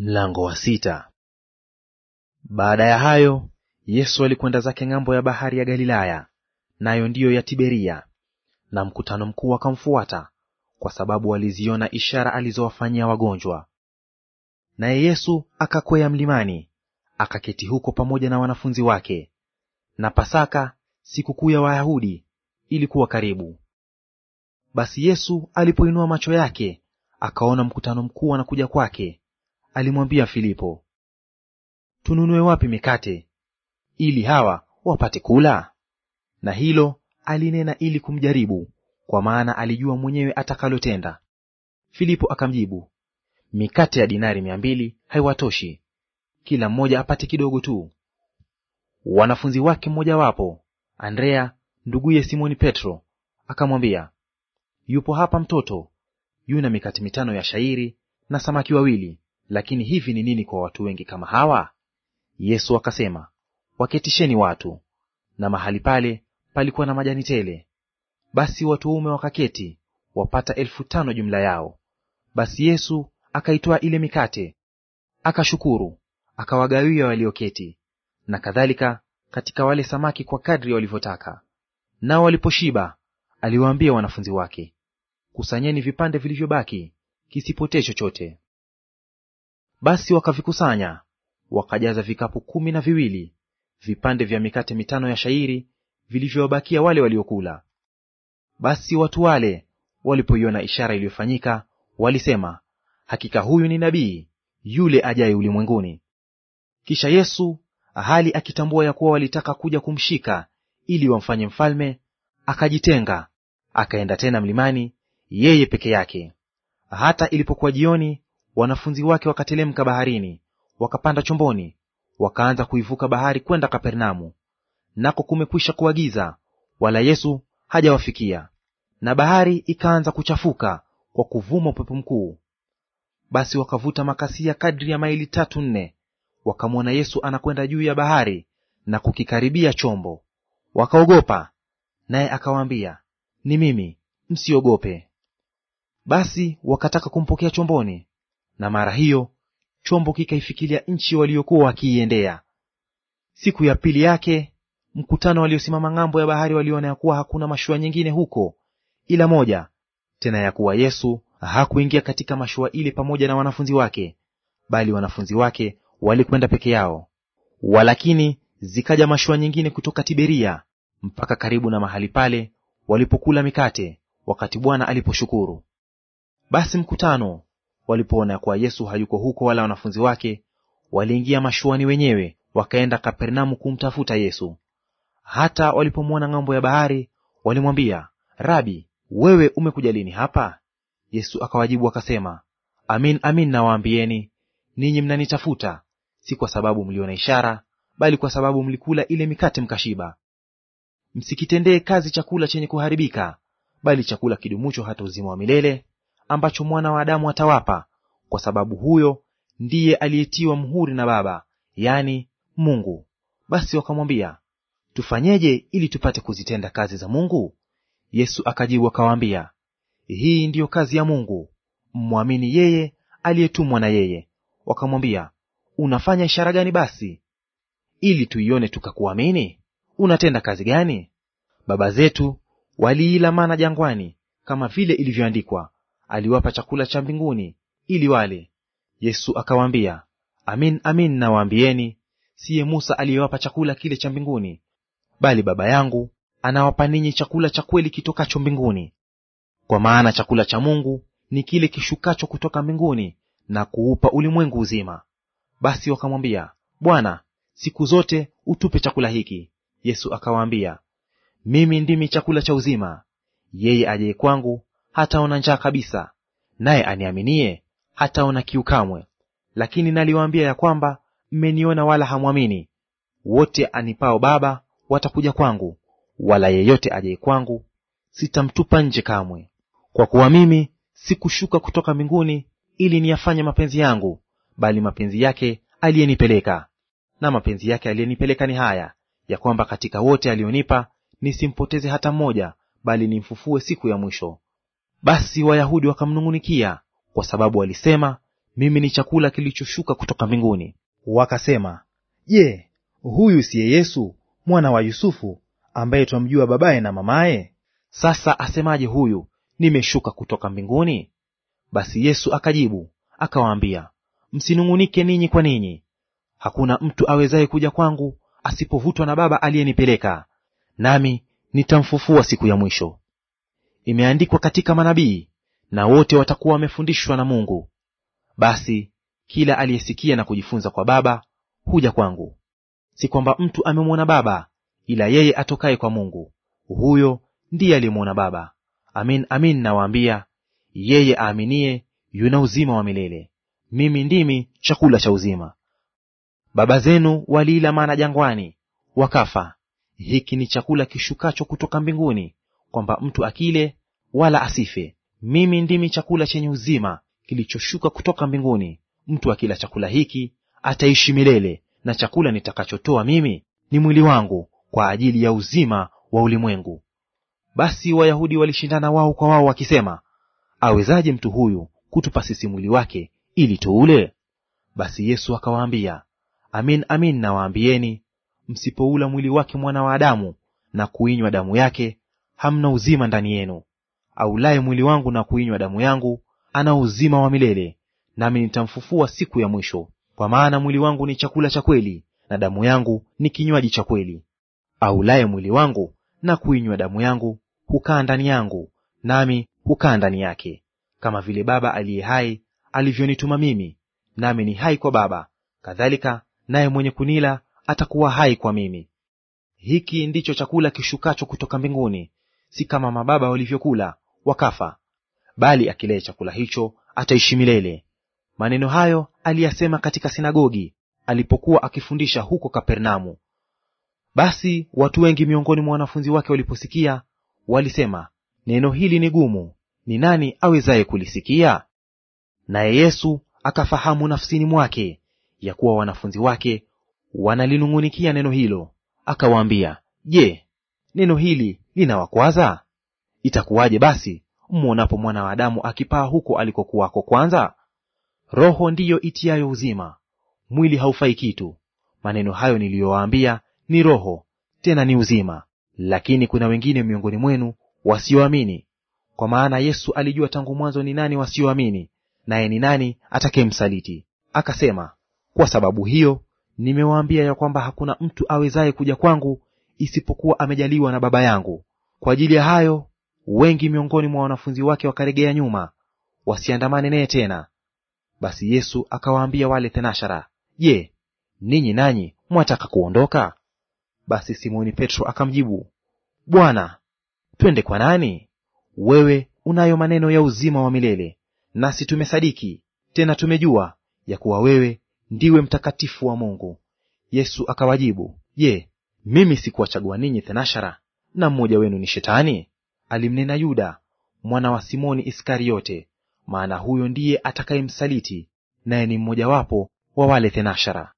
Mlango wa sita. Baada ya hayo Yesu alikwenda zake ng'ambo ya bahari ya Galilaya, nayo ndiyo ya Tiberia, na mkutano mkuu akamfuata, kwa sababu waliziona ishara alizowafanyia wagonjwa. Naye Yesu akakwea mlimani, akaketi huko pamoja na wanafunzi wake. Na Pasaka, sikukuu ya Wayahudi, ilikuwa karibu. Basi Yesu alipoinua macho yake, akaona mkutano mkuu anakuja kwake, alimwambia Filipo, tununue wapi mikate ili hawa wapate kula? Na hilo alinena ili kumjaribu, kwa maana alijua mwenyewe atakalotenda. Filipo akamjibu, mikate ya dinari mia mbili haiwatoshi kila mmoja apate kidogo tu. Wanafunzi wake mmojawapo Andrea nduguye Simoni Petro akamwambia, yupo hapa mtoto yuna mikate mitano ya shairi na samaki wawili, lakini hivi ni nini kwa watu wengi kama hawa? Yesu akasema, waketisheni watu. Na mahali pale palikuwa na majani tele. Basi watu ume wakaketi wapata elfu tano jumla yao. Basi Yesu akaitoa ile mikate, akashukuru, akawagawia walioketi, na kadhalika katika wale samaki kwa kadri walivyotaka. Nao waliposhiba, aliwaambia wanafunzi wake, kusanyeni vipande vilivyobaki, kisipotee chochote. Basi wakavikusanya wakajaza vikapu kumi na viwili vipande vya mikate mitano ya shairi vilivyowabakia wale waliokula. Basi watu wale walipoiona ishara iliyofanyika, walisema, hakika huyu ni nabii yule ajaye ulimwenguni. Kisha Yesu, hali akitambua ya kuwa walitaka kuja kumshika ili wamfanye mfalme, akajitenga, akaenda tena mlimani yeye peke yake. Hata ilipokuwa jioni, wanafunzi wake wakatelemka baharini, wakapanda chomboni, wakaanza kuivuka bahari kwenda Kapernaumu. Nako kumekwisha kuagiza, wala Yesu hajawafikia. Na bahari ikaanza kuchafuka kwa kuvuma upepo mkuu. Basi wakavuta makasia kadri ya maili tatu nne, wakamwona Yesu anakwenda juu ya bahari na kukikaribia chombo. Wakaogopa, naye akawaambia, ni mimi, msiogope. Basi wakataka kumpokea chomboni, na mara hiyo chombo kikaifikilia nchi waliokuwa wakiiendea. Siku ya pili yake mkutano waliosimama ng'ambo ya bahari waliona ya kuwa hakuna mashua nyingine huko ila moja, tena ya kuwa Yesu hakuingia katika mashua ile pamoja na wanafunzi wake, bali wanafunzi wake walikwenda peke yao. Walakini zikaja mashua nyingine kutoka Tiberia mpaka karibu na mahali pale walipokula mikate, wakati Bwana aliposhukuru. Basi mkutano Walipoona kuwa Yesu hayuko huko wala wanafunzi wake, waliingia mashuani wenyewe, wakaenda Kapernaumu kumtafuta Yesu. Hata walipomwona ng'ambo ya bahari, walimwambia, Rabi, wewe umekuja lini hapa? Yesu akawajibu akasema, Amin, amin nawaambieni, ninyi mnanitafuta, si kwa sababu mliona ishara, bali kwa sababu mlikula ile mikate mkashiba. Msikitendee kazi chakula chenye kuharibika, bali chakula kidumucho hata uzima wa milele, ambacho mwana wa Adamu atawapa, kwa sababu huyo ndiye aliyetiwa mhuri na Baba, yaani Mungu. Basi wakamwambia, tufanyeje ili tupate kuzitenda kazi za Mungu? Yesu akajibu akawaambia, hii ndiyo kazi ya Mungu, mmwamini yeye aliyetumwa na yeye. Wakamwambia, unafanya ishara gani basi ili tuione tukakuamini? Unatenda kazi gani? Baba zetu waliila mana jangwani, kama vile ilivyoandikwa, aliwapa chakula cha mbinguni ili wale. Yesu akawaambia, amin amin nawaambieni, siye Musa aliyewapa chakula kile cha mbinguni, bali Baba yangu anawapa ninyi chakula cha kweli kitokacho mbinguni. Kwa maana chakula cha Mungu ni kile kishukacho kutoka mbinguni na kuupa ulimwengu uzima. Basi wakamwambia, Bwana, siku zote utupe chakula hiki. Yesu akawaambia, mimi ndimi chakula cha uzima, yeye ajaye kwangu hataona njaa kabisa, naye aniaminie hataona kiu kamwe. Lakini naliwaambia ya kwamba mmeniona wala hamwamini. Wote anipao Baba watakuja kwangu, wala yeyote ajaye kwangu sitamtupa nje kamwe. Kwa kuwa mimi sikushuka kutoka mbinguni ili niyafanye mapenzi yangu, bali mapenzi yake aliyenipeleka. Na mapenzi yake aliyenipeleka ni haya, ya kwamba katika wote aliyonipa nisimpoteze hata mmoja, bali nimfufue siku ya mwisho. Basi Wayahudi wakamnung'unikia kwa sababu walisema mimi ni chakula kilichoshuka kutoka mbinguni. Wakasema, je, huyu siye Yesu mwana wa Yusufu ambaye twamjua babaye na mamaye? Sasa asemaje huyu, nimeshuka kutoka mbinguni? Basi Yesu akajibu akawaambia, msinung'unike ninyi kwa ninyi. Hakuna mtu awezaye kuja kwangu asipovutwa na Baba aliyenipeleka, nami nitamfufua siku ya mwisho imeandikwa katika manabii, na wote watakuwa wamefundishwa na Mungu. Basi kila aliyesikia na kujifunza kwa Baba huja kwangu. Si kwamba mtu amemwona Baba, ila yeye atokaye kwa Mungu, huyo ndiye aliyemwona Baba. Amin, amin nawaambia, yeye aaminiye yuna uzima wa milele. Mimi ndimi chakula cha uzima. Baba zenu waliila mana jangwani, wakafa. Hiki ni chakula kishukacho kutoka mbinguni, kwamba mtu akile wala asife. Mimi ndimi chakula chenye uzima kilichoshuka kutoka mbinguni. Mtu akila chakula hiki ataishi milele, na chakula nitakachotoa mimi ni mwili wangu kwa ajili ya uzima wa ulimwengu. Basi Wayahudi walishindana wao kwa wao wakisema, awezaje mtu huyu kutupa sisi mwili wake ili tuule? Basi Yesu akawaambia, amin amin nawaambieni, msipoula mwili wake mwana wa Adamu na kuinywa damu yake hamna uzima ndani yenu. Aulaye mwili wangu na kuinywa damu yangu ana uzima wa milele, nami nitamfufua siku ya mwisho. Kwa maana mwili wangu ni chakula cha kweli, na damu yangu ni kinywaji cha kweli. Aulaye mwili wangu na kuinywa damu yangu hukaa ndani yangu, nami hukaa ndani yake, kama vile Baba aliye hai alivyonituma mimi, nami ni hai kwa Baba, kadhalika naye mwenye kunila atakuwa hai kwa mimi. Hiki ndicho chakula kishukacho kutoka mbinguni si kama mababa walivyokula wakafa, bali akilaye chakula hicho ataishi milele. Maneno hayo aliyasema katika sinagogi alipokuwa akifundisha huko Kapernaumu. Basi watu wengi miongoni mwa wanafunzi wake waliposikia, walisema, neno hili ni gumu, ni nani awezaye kulisikia? Naye Yesu akafahamu nafsini mwake ya kuwa wanafunzi wake wanalinung'unikia neno hilo, akawaambia, Je, neno hili linawakwaza? Itakuwaje basi mwonapo mwana wa Adamu akipaa huko alikokuwako kwanza? Roho ndiyo itiayo uzima, mwili haufai kitu. Maneno hayo niliyowaambia ni roho tena ni uzima. Lakini kuna wengine miongoni mwenu wasioamini. Kwa maana Yesu alijua tangu mwanzo ni nani wasioamini, naye ni nani atakayemsaliti. Akasema, kwa sababu hiyo nimewaambia ya kwamba hakuna mtu awezaye kuja kwangu isipokuwa amejaliwa na Baba yangu. Kwa ajili ya hayo wengi miongoni mwa wanafunzi wake wakaregea nyuma, wasiandamane naye tena. Basi Yesu akawaambia wale thenashara, Je, ninyi nanyi mwataka kuondoka? Basi Simoni Petro akamjibu, Bwana, twende kwa nani? Wewe unayo maneno ya uzima wa milele, nasi tumesadiki tena tumejua ya kuwa wewe ndiwe mtakatifu wa Mungu. Yesu akawajibu, Je, mimi sikuwachagua ninyi thenashara, na mmoja wenu ni Shetani? Alimnena Yuda mwana wa Simoni Iskariote, maana huyo ndiye atakayemsaliti, naye ni mmojawapo wa wale thenashara.